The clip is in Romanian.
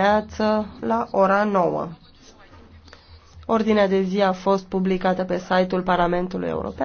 dimineață la ora 9. Ordinea de zi a fost publicată pe site-ul Parlamentului European.